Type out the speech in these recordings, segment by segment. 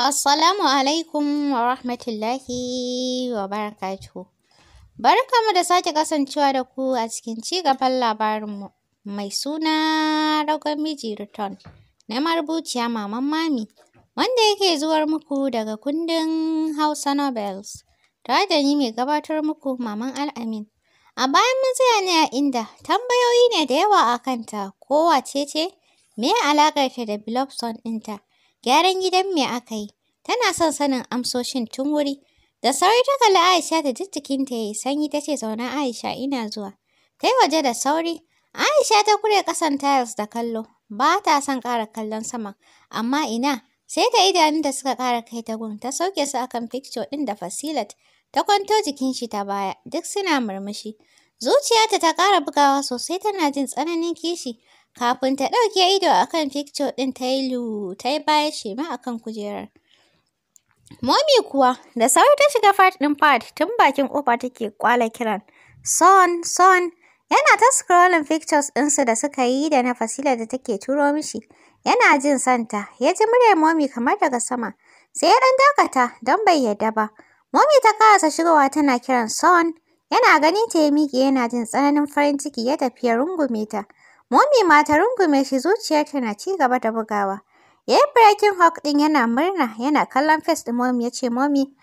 Assalamu alaikum wa rahmatullahi wa barakatu. barakatuhu. mu da sake kasancewa da ku a cikin ci gaban labarinmu mai suna Ragon Miji Return na marubuciya Maman Mami wanda yake zuwar muku daga kundin Hausa Nobels, tare da ni mai gabatar muku Maman Al'amin. A bayan mun tsaya ne a inda tambayoyi ne da yawa a kanta ko wace ce, me ta da Bilobson ɗinta? Gyaran gidan me aka yi? Tana son sanin amsoshin tun wuri. Da sauri ta kalli Aisha da jijjikinta ya yi sanyi ta ce zaune Aisha ina zuwa. Ta yi waje da sauri. Aisha ta kure ƙasan tiles da kallo. Ba ta son ƙara kallon sama Amma ina, sai da idanun da suka ƙara kai ta gun ta sauke su akan picture ɗin da Fasilat. Ta kwanto jikin shi ta baya, duk suna murmushi. Zuciyarta ta ƙara bugawa sosai tana jin tsananin kishi. Kafin ta ɗauke ido a kan fikco ɗin ta yi lu, ta yi baya shema a kan kujerar. Momi kuwa, da sauri ta shiga fat ɗin fat tun bakin ƙofa take kwala kiran. Son, son, yana ta scrolling pictures ɗinsu da suka yi da na fasila da take turo mishi. Yana jin santa, ya ji muryar Momi kamar daga sama. Sai ya ɗan dakata don bai yarda ba. Momi ta karasa shigowa tana kiran son. Yana gani ta yi miƙe yana jin tsananin farin ciki ya tafi ya rungume ta. Mummy mata rungume shi zuciyarta na ci gaba da bugawa. Yayin breaking hawk din yana murna yana kallon face ɗin Momi yace ce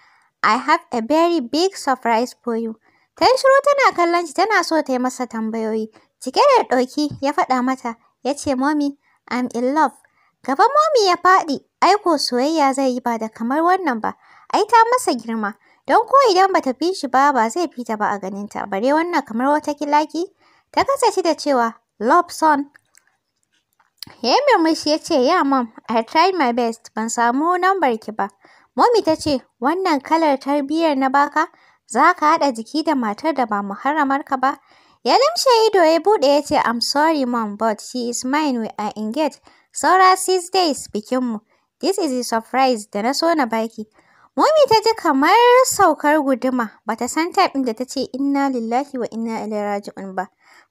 I have a very big surprise for you. Ta yi shiru tana kallon shi tana so ta yi masa tambayoyi. Cike da ɗauki ya faɗa mata yace ce I'm in love. Gaban mummy ya faɗi aiko soyayya zai yi ba da kamar wannan ba. Ai ta masa girma. don ko idan bata fi shi ba ba zai fita ba a ganinta bare wannan kamar wata kilaki ta kasa da cewa Lobson son. Ya yi murmushi ya ce, Ya mom, I tried my best, ban samu nambar ki ba. Mommy ta ce, Wannan kalar tarbiyyar na baka, za ka haɗa jiki da matar da ba ka ba. Ya limshe ido ya buɗe ya ce, I'm sorry mom, but she is mine, we are engaged. Saura six days bikinmu. This is a surprise da na so na baki. Mommy ta ji kamar saukar guduma, bata san ta inda ta ce inna lillahi wa inna ilaihi raji'un ba.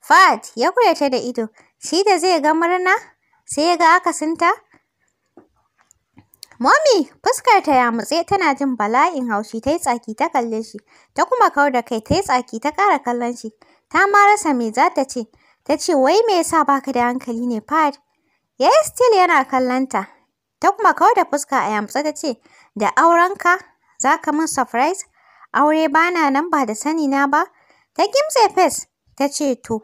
Fahad ya kure ta da ido, shi da zai ga murna sai ya ga akasinta. fuskar ta ya mutse tana jin bala'in haushi ta yi tsaki ta kalle shi, ta kuma kawar da kai ta yi tsaki ta ƙara kallon shi. Ta ma rasa me za ta ce, ta ce wai me yasa baka da hankali ne Fahad? Ya yi still yana kallonta, ta kuma kawar da fuska a yamutse ta ce, da aurenka za ka min surprise? Aure bana nan ba da sani na ba? Ta kimtse fes ta ce to.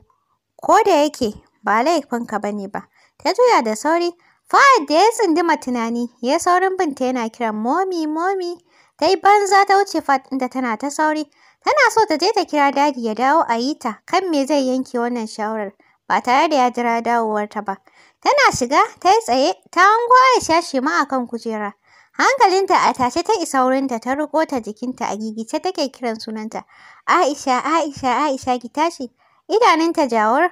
ko da yake ba laifinka ba ne ba. Ta juya da sauri, Fahad da ya tsinduma tunani ya saurin binta yana kiran momi momi. Ta yi banza ta wuce Fahad inda tana ta sauri. Tana so ta je ta kira dadi ya dawo a yi ta kan me zai yanke wannan shawarar ba tare da ya jira dawowarta ba. Tana shiga ta yi tsaye ta hango Aisha shi ma a kan kujera. Hankalinta a tashe ta isa wurinta ta riƙo ta jikinta a gigice take kiran sunanta. Aisha, Aisha, Aisha ki tashi. idanunta jawar.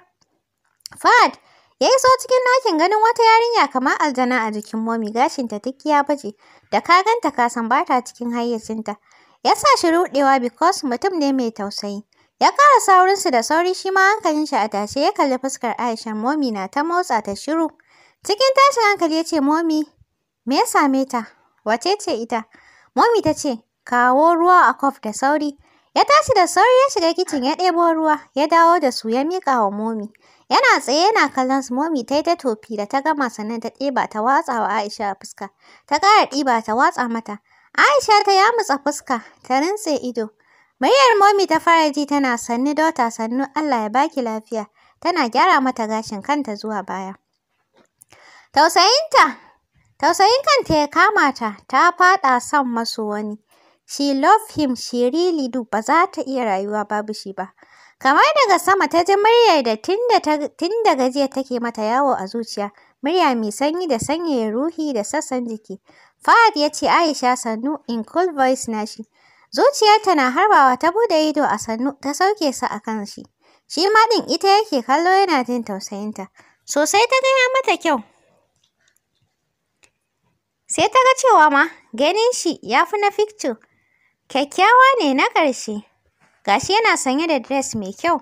Fad ya iso cikin ɗakin ganin wata yarinya kamar aljana a jikin momi gashinta duk ya baje da ka ganta ka san ba cikin hayyacinta. Ya sa shi ruɗewa because mutum ne mai tausayi. Ya ƙara saurinsu da sauri shi ma hankalin shi a tashe ya kalli fuskar Aisha momi na ta motsa ta shiru. Cikin tashin hankali ya ce momi me ya same ta? Wace ce ita? Momi ta ce kawo ruwa a kof da sauri. Ya tashi da sauri ya shiga kicin ya ɗebo ruwa, ya dawo da su ya miƙa wa momi. Yana tsaye yana kallon su momi ta yi ta tofi da ta gama sannan ta ɗiba ta watsa wa Aisha a fuska. Ta ƙara ɗiba ta watsa mata. Aisha ta yamutsa fuska, ta rintse ido. Muryar momi ta fara ji tana sannu dota sannu Allah ya baki lafiya. Tana gyara mata gashin kanta zuwa baya. Tausayinta, tausayin kanta ya kama ta, ta faɗa son masu wani. She love him, she really do, ba za ta iya rayuwa babu shi ba. Kamar daga sama ta ji muryar da tun daga jiya take mata yawo a zuciya, murya mai sanyi da sanyaya ruhi da sassan jiki. Fahad ya ce Aisha sannu in cool voice na shi, Zuciyarta na harbawa ta bude ido a sannu ta sauke sa a kan shi. Shi ma ɗin ita yake kallo yana jin tausayinta. Sosai ta gaya mata kyau. Sai ta ga cewa ma ganin shi ya fi na fikcin. Kyakkyawa ne na ƙarshe. Gashi yana sanye da dress mai kyau.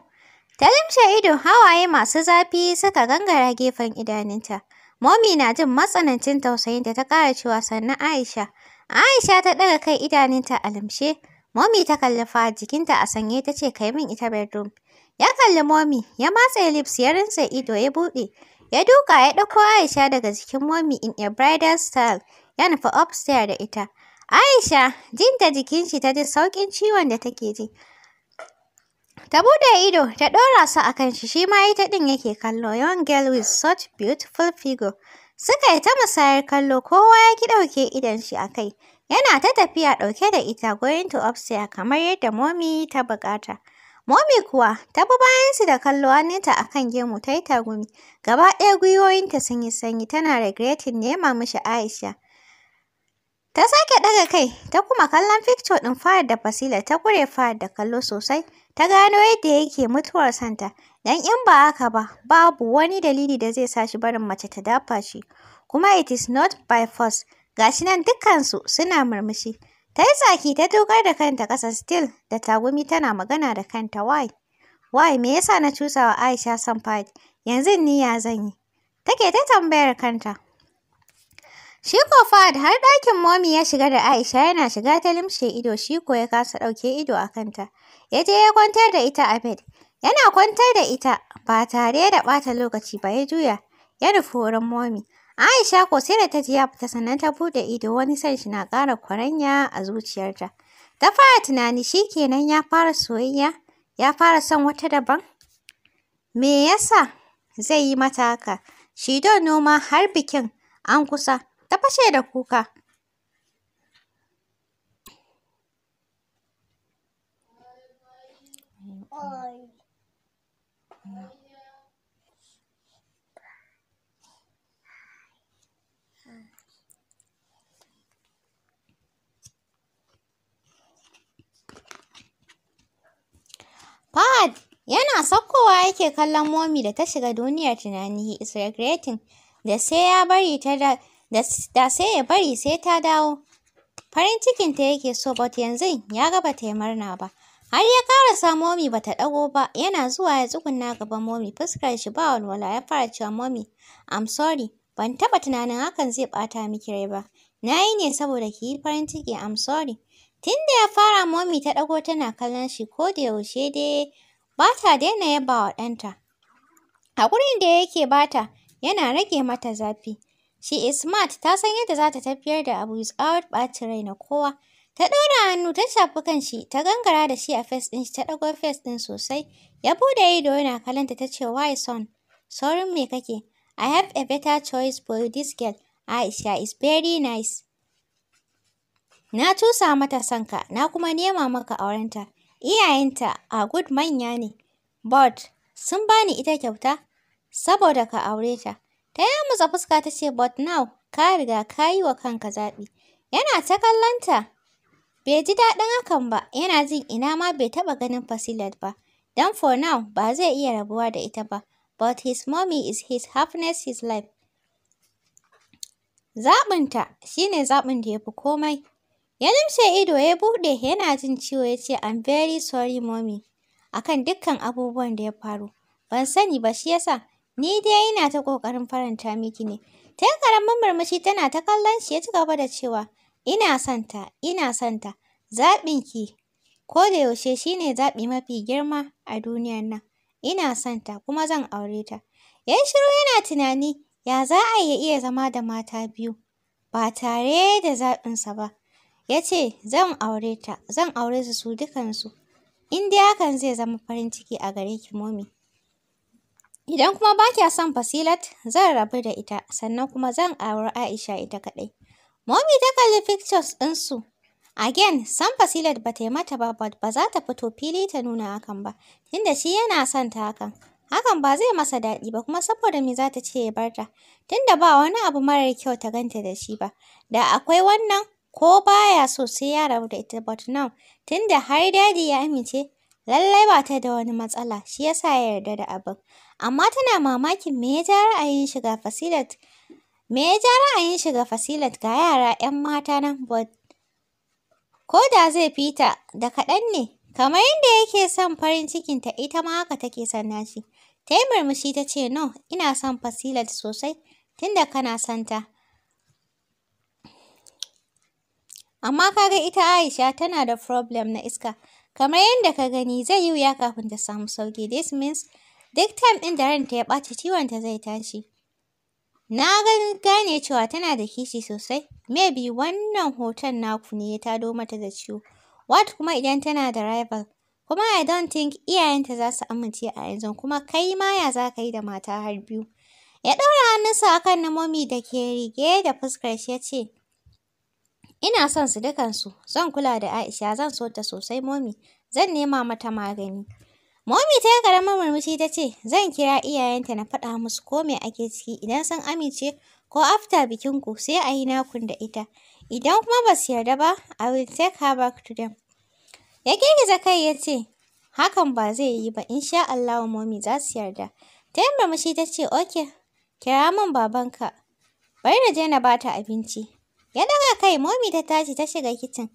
Ta limshe ido hawaye masu zafi suka gangara gefen idanunta. Momi na jin matsanancin tausayin da ta ƙara cewa sannan Aisha. Aisha ta ɗaga kai idanunta a limshe. Momi ta kalli fa jikinta a sanye ta ce kai min ita bedroom. Ya kalli Momi, ya matse lips ya rinse ido ya buɗe. Ya duka ya ɗauko Aisha daga jikin Momi in a bridal style ya nufi upstairs da ita. Aisha, jin da jikin shi ta ji sauƙin ciwon da take ji. Ta buɗe ido, ta ɗora su a kan shi, shi ma ita ɗin yake kallo, young girl with such beautiful figure. Suka yi ta musayar kallo, kowa ya ki ɗauke idon shi a kai. Yana ta tafiya ɗauke da ita going to upstairs kamar yadda momi ta buƙata. Momi kuwa ta bi bayansu da kallo hannunta a kan gemu ta yi tagumi. Gaba ɗaya gwiwoyinta sun yi sanyi tana regretin nema mishi Aisha. Ta sake ɗaga kai, ta kuma kallon fikco ɗin fayar da Fasila ta ƙure fayar da kallo sosai, ta gano yadda yake mutuwar santa, don in ba haka ba, babu wani dalili da zai sa shi barin mace ta dafa shi, kuma it is not by force, gashi nan dukkansu suna murmushi. Ta yi tsaki ta dogar da kanta ƙasa still da tagumi tana magana da kanta why? Why me yasa na cusa wa Aisha son Yanzu ni ya zan yi? Take ta tambayar kanta. Shi ko Fahad har ɗakin momi ya shiga da Aisha yana shiga ta limshe ido shi ko ya kasa ɗauke ido a kanta. Ya je ya kwantar da ita a bed. Yana kwantar da ita ba tare da ɓata lokaci ba ya juya ya nufi wurin momi. Aisha ko sai da ta ji ya fita sannan ta buɗe ido wani san shi na ƙara kwaranya a zuciyarta. Ta fara tunani shi kenan ya fara soyayya, ya fara son wata daban. Me yasa zai yi mata haka? Shi don noma har bikin an kusa. ta fashe da kuka. Fahad yana saukowa yake kallon Momi da ta shiga duniyar tunani he is regretting da sai ya bari ta da da sai ya bari sai ta dawo. Farin ta yake so but yanzu ya gaba ta yi murna ba. Har ya karasa momi ba ta ɗago ba, yana zuwa ya tsuguna gaban momi fuskar shi ba walwala ya fara cewa momi I'm sorry, ban taɓa tunanin hakan zai bata miki rai ba. Na yi ne saboda ki yi farin ciki I'm sorry. Tun da ya fara momi ta ɗago tana kallon shi ko da yaushe dai ba ta daina yaba wa ɗanta. Haƙurin da yake bata yana rage mata zafi. She is smart, ta san yadda za ta tafiyar da abu without ɓacin rai na kowa. Ta ɗora hannu ta shafi kan shi, ta gangara da shi a fes ɗin shi, ta ɗago fes ɗin sosai. Ya buɗe ido yana kalanta ta ce, why son? Saurin me kake? I have a better choice for you this girl. Aisha is very nice. Na tusa mata sanka, na kuma nema maka aurenta. Iyayenta a good manya ne, but sun bani ita kyauta saboda ka aure ta. Ta yamutsa fuska ta ce but now ka riga ka yi wa kanka zaɓi. Yana ta kallonta. Bai ji daɗin hakan ba, yana jin ina ma bai taɓa ganin Fasilat ba. Don for now ba zai iya rabuwa da ita ba. But his mommy is his happiness, his life. Zaɓinta shi ne zaɓin da ya fi komai. Ya limshe ido ya buɗe yana jin ciwo ya ce I'm very sorry mommy. Akan dukkan abubuwan da ya faru. Ban sani ba shi yasa Ni dai ina ta ƙoƙarin faranta miki ne. Ta yi ƙaramin murmushi tana ta kallon shi ya ci gaba da cewa, Ina son ta, ina son ta. ki ko da yaushe shi ne zaɓi mafi girma a duniyar nan. Ina son ta kuma zan aure ta. Ya shiru yana tunani, ya za a ya iya zama da mata biyu ba tare da zaɓinsa ba. Ya ce, Zan aure ta, zan aure su su dukansu. In dai hakan zai zama farin ciki a gare ki momi. Idan kuma ba kya son Fasilat, zan rabu da ita, sannan kuma zan auri Aisha ita kaɗai. Momi ta kalli pictures su. Again, san Fasilat ba ta yi mata ba, ba za ta fito fili ta nuna hakan ba, tunda shi yana son ta hakan. Hakan ba zai masa daɗi ba kuma saboda me za ta ce ya bar ta, tunda ba wani abu marar kyau ta ganta da shi ba. Da akwai wannan, ko baya so sai ya rabu da ita but now, tunda har dadi ya amince, lallai ba ta da wani matsala, shi yasa ya yarda da abin. amma tana mamakin me ya ja ra'ayin shiga Fasilat me ya ja ra'ayin shiga Fasilat ga yara 'yan mata nan bot ko da zai fita da kaɗan ne kamar yadda yake son farin cikinta ita ma haka take son nashi ta yi murmushi ta ce no ina son Fasilat sosai tunda kana son ta amma ka ga ita Aisha tana da problem na iska kamar yadda ka gani zai yi wuya kafin ta samu sauki this means Duk time ɗin da ranta ya ɓaci ta zai tashi. Na gan gane cewa tana da kishi sosai. Maybe wannan hoton naku ne ya tado mata da ciwo. What kuma idan tana da rival? Kuma I don't think iyayenta za su amince a yanzu kuma kai ma ya za ka yi da mata har biyu. Ya ɗaura hannunsa a kan namomi da ke rige da fuskar shi ya ce, Ina son su dukansu, zan kula da Aisha, zan so ta sosai momi, zan nema mata magani. Momi ta yi ƙaramin murmushi ta ce, zan kira iyayenta na faɗa musu ko me ake ciki idan sun amince ko after bikinku sai a yi nakun da ita. Idan kuma ba su yarda ba, I will take her back to them. Ya girgiza kai ya ce, hakan ba zai yi ba, in sha Allah momi za su yarda. Ta yi murmushi ta ce, "Ok kira min babanka, bari na je na ba abinci. Ya daga kai, momi ta tashi ta shiga kicin.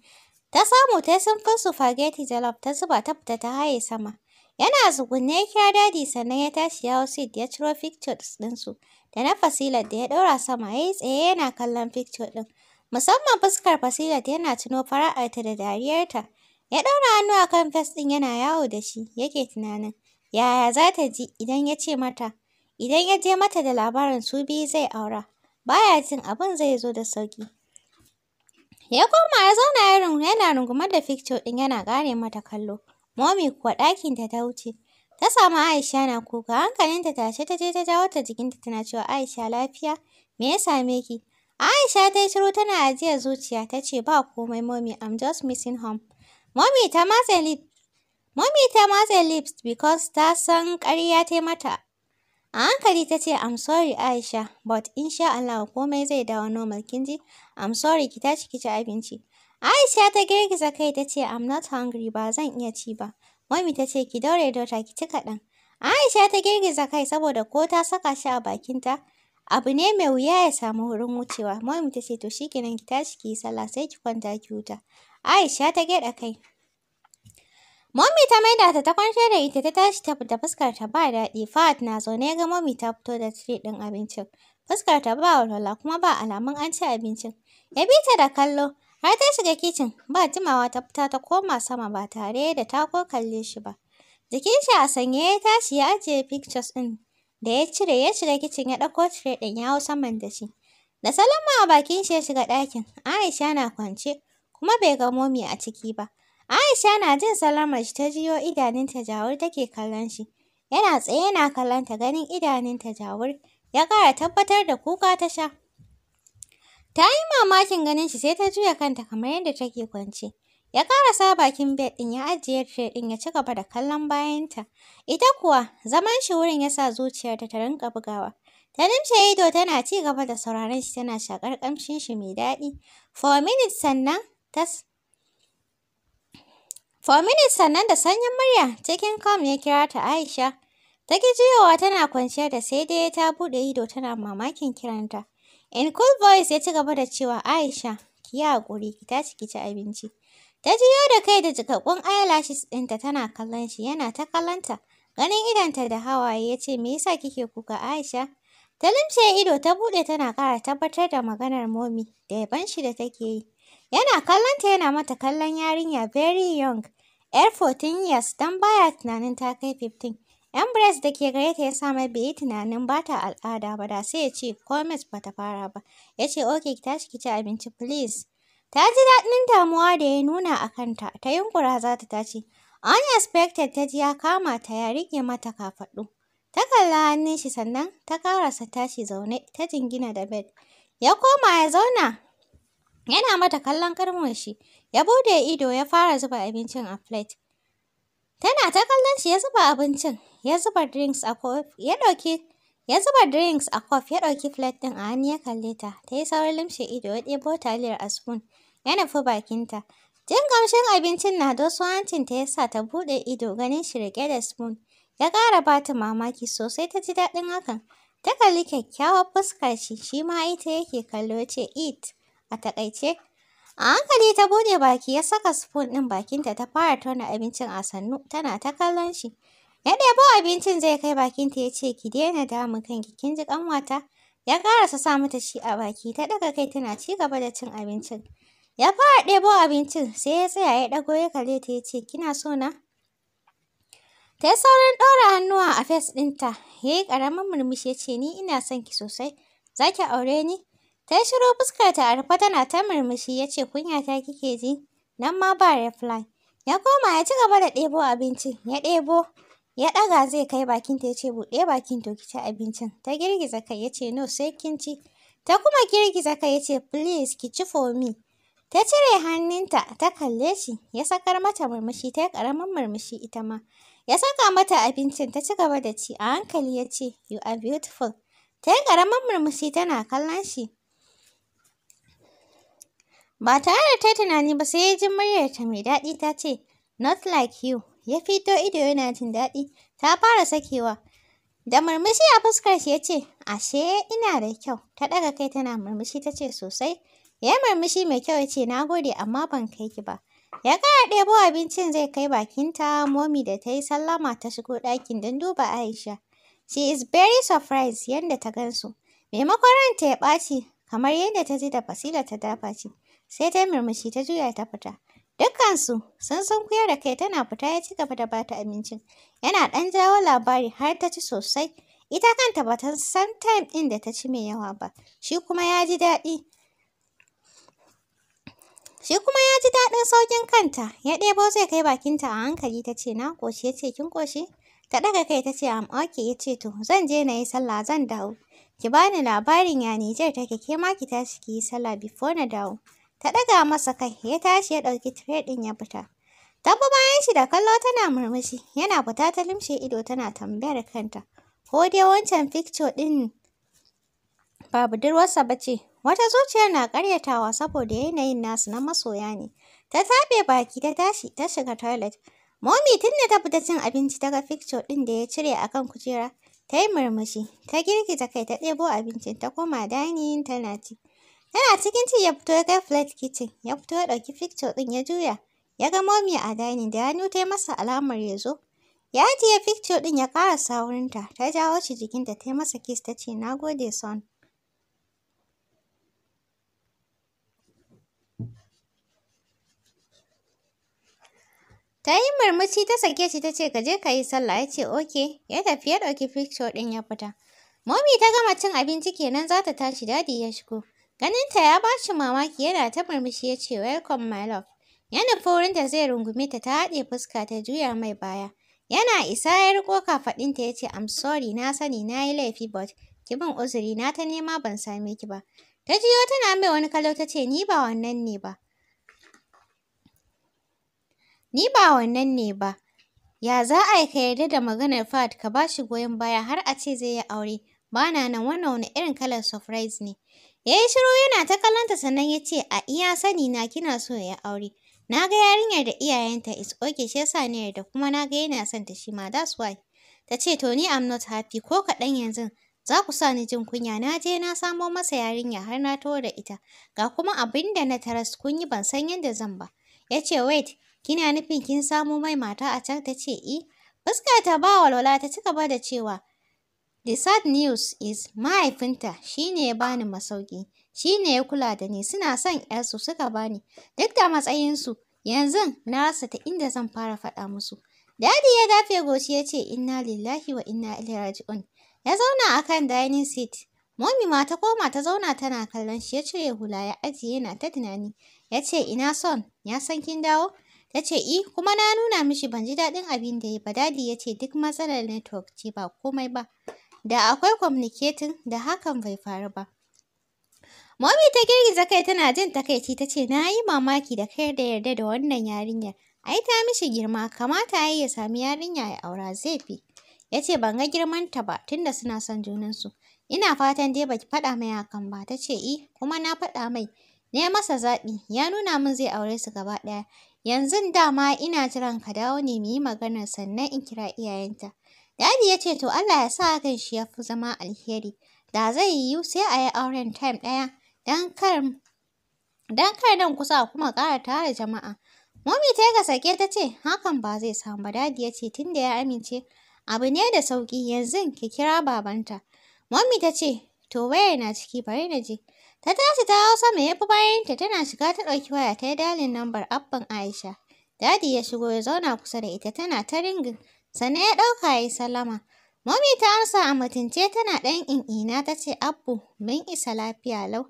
Ta samu ta yi sunfin fageti jalof ta zuba ta fita ta haye sama. Yana tsugunne ya kira dadi sannan ya tashi ya hau seat ya ciro pictures ɗinsu da na Fasilat da ya ɗaura sama ya yi tsaye yana kallon picture ɗin. Musamman fuskar Fasilat yana tuno fara'arta da dariyarta. Ya ɗaura hannu a kan fes ɗin yana yawo da shi yake tunanin yaya za ta ji idan ya ce mata idan ya je mata da labarin su biyu zai aura. Baya jin abin zai zo da sauƙi. Ya koma ya zauna yana rungume da picture ɗin yana gane mata kallo. Momi kuwa ɗakinta ta wuce. Ta samu Aisha na kuka, hankalinta tashe ta je ta jawo ta jikinta tana cewa Aisha lafiya, me ya same ki? Aisha ta yi shiru tana ajiyar zuciya ta ce ba komai mommy I'm just missing home. Mommy ta matse lip Mommy ta matse lips because ta san ƙarya ta yi mata. A hankali ta ce I'm sorry Aisha but insha Allah komai zai dawo normal kin ji? I'm sorry ki tashi ki ci abinci. Aisha ta girgiza kai ta ce, I'm not hungry, ba zan iya ci ba. Mami ta ce, ki daure dota ki ci kaɗan. Aisha ta girgiza kai saboda ko ta saka shi a bakinta, abu ne mai wuya ya samu wurin wucewa. Mami ta ce, to shi kenan ki tashi ki yi sallah sai ki kwanta ki huta. Aisha ta gyaɗa kai. Mami ta maida ta ta kwance da ita ta tashi ta fita fuskar ta ba daɗi. Fahad na zaune ga mami ta fito da tire ɗin abincin. Fuskar ta ba walwala kuma ba alamun an ci abincin. Ya bi ta da kallo. Har ta shiga kicin, ba jimawa ta fita ta koma sama ba tare da ta ko kalle shi ba. Jikin shi a sanye ya tashi ya ajiye pictures ɗin da ya cire ya shiga kicin ya ɗauko tire ɗin ya hau saman da shi. Da salama a bakin shi ya shiga ɗakin, Aisha na kwance kuma bai ga momi a ciki ba. Aisha na jin salamar shi ta jiyo idanun idanunta jawur take kallon shi. Yana tsaye yana kallon ta ganin idanunta jawur ya ƙara tabbatar da kuka ta sha. Ta yi mamakin ganin shi sai ta juya kanta kamar yadda take kwance. Ya karasa bakin bed ɗin ya ajiye tire ɗin ya ci gaba da kallon bayanta. Ita kuwa zaman shi wurin ya sa zuciyarta ta rinƙa bugawa. Ta nimshe ido tana ci gaba da sauraron shi tana shakar kamshin shi mai daɗi. For minutes sannan ta For minutes sannan da sanyin murya cikin calm ya kira ta Aisha. Ta ki jiyowa tana kwanciya da sai dai ta buɗe ido tana mamakin kiranta. In cool voice ya ci gaba da cewa Aisha, ki yi haƙuri, ki tashi ki ci abinci. Ta jiyo da kai da jikakkun eyelashes ɗinta tana kallon shi yana ta kallonta. Ganin idonta da hawaye ya ce me yasa kike kuka Aisha? Ta limshe ido ta buɗe tana ƙara tabbatar da maganar momi da yaban shi da take yi. Yana kallonta yana mata kallon yarinya very young, 'yar 14 years don baya tunanin ta kai 15. Embrace da ke gare ta ya sa mai bai yi tunanin ba ta al'ada ba da sai ya ce komis ba ta fara ba. Ya ce oke ki tashi ki ci abinci please. Ta ji daɗin damuwa da ya nuna a kanta, ta yunkura za ta tashi. Unexpected ta ji ya kama ta ya rike mata kafaɗu. Ta kalla hannun shi sannan ta karasa tashi zaune ta jingina da bed. Ya koma ya zauna yana mata kallon karmon shi. Ya bude ido ya fara zuba abincin a plate. Tana ta kallon shi ya zuba abincin. ya zuba drinks a kof, ya ɗauki ya zuba drinks a kof, ya ɗauki plate ɗin a hannu ya kalle ta, ta yi saurin limshe ido ya ɗebo taliyar a spoon, ya nufi bakinta. Jin kamshin abincin na doso hancin ta yasa ta buɗe ido ganin shi riƙe da spoon. Ya ƙara ba ta mamaki sosai ta ji daɗin hakan. Ta kalli kyakkyawar fuskar shi, shi ma ita yake kallo ce eat a taƙaice. A hankali ta buɗe baki ya saka spoon ɗin bakinta ta fara tona abincin a sannu tana ta kallon shi. Ya ɗebo abincin zai kai bakinta ya ce ki daina damun kanki kin ji ƙanwata. Ya karasa sa mata shi a baki ta ɗaga kai tana ci gaba da cin abincin. Ya fara ɗebo abincin sai ya tsaya ya ɗago ya kalle ta ya ce kina so na? Ta yi saurin ɗora hannuwa a fes ɗinta ya yi ƙaramin murmushi ya ce ni ina son ki sosai. Za ki aure ni? Ta yi shiru ta a rufe tana ta murmushi ya ce ta kike ji? Nan ma ba reply. Ya koma ya ci gaba da ɗebo abincin ya ɗebo. Ya ɗaga zai kai bakinta ya ce buɗe bakin to ki ci abincin. Ta girgiza kai ya ce no sai kin ci. Ta kuma girgiza kai ya ce please ki ci for me. Ta cire hannunta ta kalle shi ya sakar mata murmushi ta yi ƙaramin murmushi ita ma. Ya saka mata abincin ta ci gaba da ci a hankali ya ce you are beautiful. Ta yi ƙaramin murmushi tana kallon shi. Ba tare da ta tunani ba sai ya ji muryarta mai daɗi ta ce not like you. ya fito ido yana jin daɗi. Ta fara sakewa. Da murmushi a fuskar shi ya ce, Ashe ina da kyau. Ta ɗaga kai tana murmushi ta ce sosai. Ya yi murmushi mai kyau ya ce, Na gode amma ban kai ki ba. Ya ƙara ɗebo abincin zai kai bakinta, momi da ta yi sallama ta shigo ɗakin don duba Aisha. She is very surprised yadda ta gansu. Maimakon ranta ya ɓaci, kamar yadda ta ji da Fasila ta dafa ce. Sai ta yi murmushi ta juya ta fita. Dukkansu sun san koyar da kai tana fita ya ci gaba da bata abincin. Yana ɗan jawo labari har ta ci sosai. Ita kanta ba ta san time ɗin da ta ci mai yawa ba. Shi kuma ya ji daɗi. Shi kuma ya ji daɗin saukin kanta. Ya ɗebo zai kai bakinta a hankali ta ce na ƙoshi ya ce kin ƙoshi. Ta ɗaga kai ta ce am oke ya ce to zan je na yi sallah zan dawo. Ki bani labarin ya Nijar take ke ma ki tashi ki yi sallah before na dawo. Ta ɗaga masa kai, ya tashi ya ɗauki tire ɗin ya fita. Tabba bayan shi da kallo tana murmushi, yana fita ta limshe ido tana tambayar kanta. Ko dai wancan fikco ɗin ba budurwarsa ba ce, wata zuciyar na karyatawa saboda yanayin nasu na masoya ne. Ta taɓe baki ta tashi ta shiga toilet. Momi tun da ta fita cin abinci ta ga fikco ɗin da ya cire a kan kujera, ta yi murmushi, ta girgiza kai ta ɗebo abincin ta koma dining tana ci. Yana cikin ci ya fito ya kai flat kitchen, ya fito ya ɗauki picture ɗin ya juya. Ya ga momi a dining da hannu ta yi masa alamar ya zo. Ya ajiye picture ɗin ya ƙara wurinta, ta jawo shi jikinta ta yi masa kiss ta ce na gode son. Ta yi murmushi ta sake shi ta ce ka je ka yi sallah ya ce "Ok" ya tafi ya ɗauki picture ɗin ya fita. Momi ta gama cin abinci kenan za ta tashi dadi ya shigo. Ganinta ya ba shi mamaki yana ta murmushi ya ce welcome my love. Ya nufi da zai rungume ta ta haɗe fuska ta juya mai baya. Yana isa ya riko kafaɗinta ya ce I'm sorry na sani na yi laifi but ki bin uzuri na ta nema ban same ki ba. Ta jiyo tana mai wani kalo ta ce ni ba wannan ne ba. Ni ba wannan ne ba. Ya za a yi ka yarda da maganar Fahad ka ba shi goyon baya har a ce zai yi aure. Ba na nan wannan wani irin kalar surprise ne. Ya yi shiru yana ta kallonta sannan ya ce, A iya sani na kina so ya aure. Na ga yarinyar da iyayenta is okay shi yasa ne da kuma na ga yana son ta shi ma that's why. Ta ce to ni am not happy ko kaɗan yanzu za ku sa ni jin kunya na je na samo masa yarinya har na taho da ita ga kuma abin da na taras kun yi ban san yadda zan ba. Ya ce wait kina nufin kin samo mai mata a can ta ce i. Eh. Fuska ta ba walwala ta ci gaba da cewa The sad news is mahaifinta shi ne ya bani masauki, shi ne ya kula da ni, suna son ‘yarsu suka bani, duk da matsayinsu, yanzu na rasa ta inda zan fara faɗa musu. Dadi ya dafe goshi ya ce inna lillahi wa inna ilaihi Ya zauna a kan dining seat. Momi ma ta koma ta zauna tana kallon shi ya cire hula ya ajiye yana ta tunani. Ya ce ina son, ya san kin dawo? Ta ce i eh, kuma na nuna mishi ban ji daɗin abin da ya ba. Dadi ya ce duk matsalar network ce ba komai ba. da akwai communicating da hakan bai faru ba. Mami ta girgiza kai tana jin takaici ta ce na yi mamaki da kayar da yarda da wannan yarinyar. Ai ta mishi girma kamata ya ya sami yarinya ya aura zai fi. Ya ce ban ga girmanta ba tunda suna son junansu. Ina fatan dai baki faɗa mai hakan ba ta ce i eh, kuma na faɗa mai. Na masa zaɓi ya nuna min zai aure su gaba ɗaya. Yanzu dama ina jiran ka dawo ne mu yi magana sannan in kira iyayenta. Dadi ya ce to Allah ya sa hakan shi ya fi zama alheri. Da zai yiwu sai a yi auren time ɗaya don kar don kar nan kusa kuma ƙara tara jama'a. Mami ta ga sake ta ce hakan ba zai samu ba dadi ya ce tun da ya amince abu ne da sauƙi yanzu ki kira babanta. Mami ta ce to wayar na ciki bari na je. Ta tashi ta hau sama ya fi bayanta tana shiga ta ɗauki waya ta yi dalin lambar abban Aisha. Dadi ya shigo ya zauna kusa da ita tana ta ringin sannan ya ɗauka ya yi salama. Mami ta amsa a mutunce tana ɗan in'ina ta ce Abbu mun isa lafiya lau.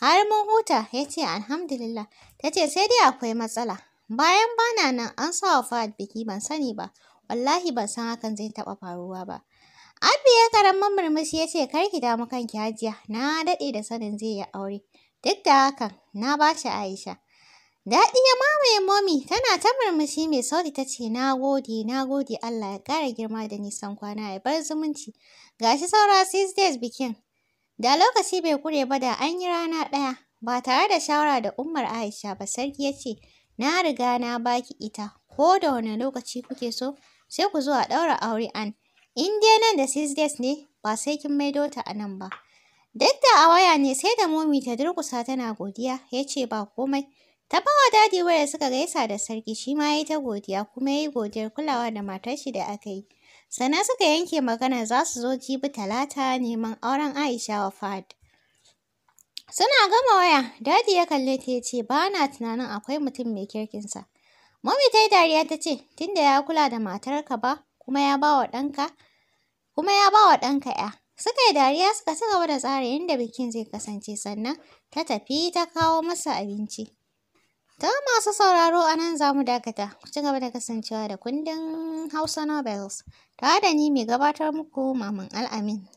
Har mun huta ya ce alhamdulillah ta ce sai dai akwai matsala. Bayan bana nan an sa wa Fahad biki ban sani ba wallahi ban san hakan zai taɓa faruwa ba. Abi ya karamman murmushi ya ce kar ki damu kanki hajiya na daɗe da sanin zai yi aure. Duk da hakan na ba shi Aisha. Daɗi ya mamaye momi tana ta murmushi mai sauri ta ce na gode na gode Allah ya ƙara girma da nisan kwana ya bar zumunci. shi saura six days bikin. Da lokaci bai kure ba da an yi rana ɗaya ba tare da shawara da Umar Aisha ba sarki ya ce na riga na baki ita ko da wani lokaci kuke so sai ku zo a ɗaura aure an. In dai nan da six days ne ba sai kin maido ta a nan ba. Duk da a waya ne sai da momi ta durkusa tana godiya ya ce ba komai. Tabawa dadi waya suka gaisa da sarki shi ma ya ta godiya kuma ya yi godiyar kulawa da matar shi da aka yi. Sana suka yanke magana za su zo jibi talata neman auren Aisha wa Fahad. Suna gama waya, dadi ya kalli ta ya ce ba na tunanin akwai mutum mai kirkinsa. Mami ta yi dariya ta ce, tunda ya kula da matarka ba, kuma ya ba wa ɗanka, kuma ya ba wa ɗanka ya. Suka yi dariya suka ci gaba da tsara yadda bikin zai kasance sannan ta tafi ta kawo masa abinci. Ta masu sauraro a nan za mu dakata, ku ci gaba da kasancewa da kundin Hausa Nobels, tare da ni mai gabatar muku Maman Al'amin.